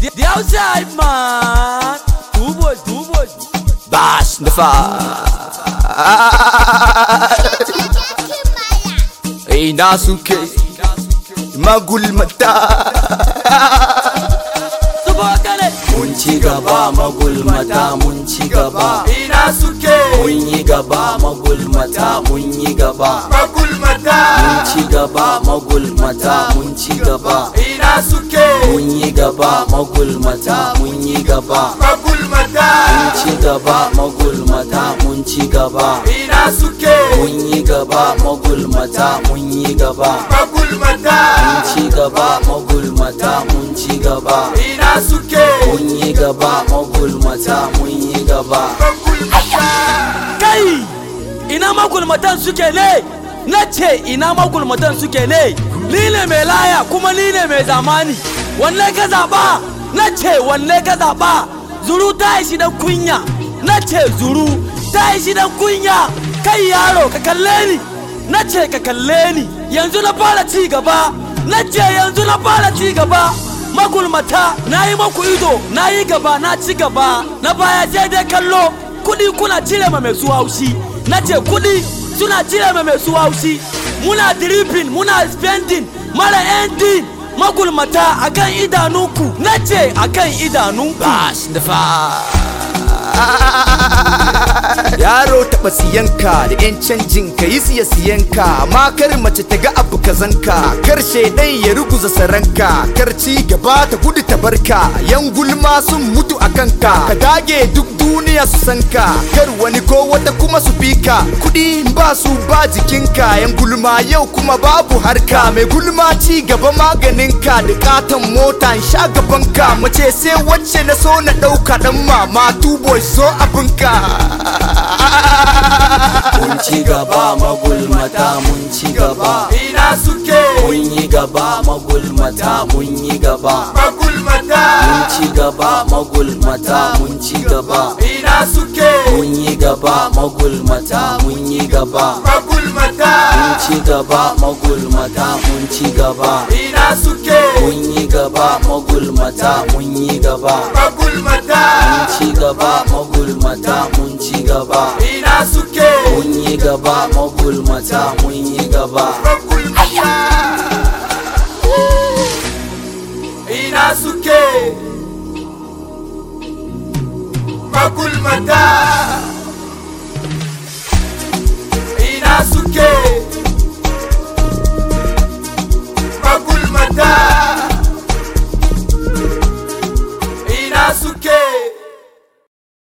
دياو سايب مان تو بوش تو بوش باش نفا اي ناسوكي ما قول متى mun ci gaba magulmata mun ci gaba ina suke mun yi gaba magulmata mun yi gaba magulmata mun ci gaba magulmata mun ci gaba ina suke mun yi gaba magulmata mun yi gaba magulmata mun ci gaba magulmata mun ci gaba ina suke mun yi gaba magulmata mun yi gaba magulmata mun ci gaba magulmata mun ci gaba ina suke mun yi gaba magulmata mun yi gaba kai ina magulmatan suke ne na ce ina magulmatan suke ne ni ne mai laya kuma ni ne mai zamani wanne ka zaɓa na ce wanne ka zaɓa zuru ta yi shi da kunya na ce zuru ta yi shi da kunya kai yaro ka kalle ni na ce ka kalle ni yanzu na fara ci gaba na ce yanzu na fara ci gaba magulmata na yi maku ido na yi gaba na ci gaba na baya je dai kallo kuɗi kuna cire ma mai su haushi na ce kuɗi suna cire ma mai su haushi muna dripping muna spending mara ending magulmata akan idanunku na ce akan idanu shi da yaro taɓa siyanka da 'yan canjin ka yi siya siyanka amma kar mace ta ga abu kazanka kar shaidan ya ruguza saranka kar ci gaba ta gudu ta barka yan gulma sun mutu a kanka ka dage duk duniya duniya su san ka kar wani ko wata kuma su fika kudi kuɗi ba su ba jikinka yan gulma yau kuma babu harka mai gulma ci gaba maganin ka da katon mota in sha gaban ka mace sai wacce na so na dauka dan mama tubo so abin ka mun ci gaba magulmata mun ci gaba ina suke mun yi gaba magulmata mun yi gaba magulmata mun ci gaba magulmata mun ci gaba suke mun yi gaba magulmata mun yi gaba magulmata mun ci gaba magulmata mun ci gaba ina suke mun yi gaba magulmata mun yi gaba magulmata mun ci gaba magulmata mun ci gaba ina suke mun yi gaba magulmata mun yi gaba magulmata كل متاع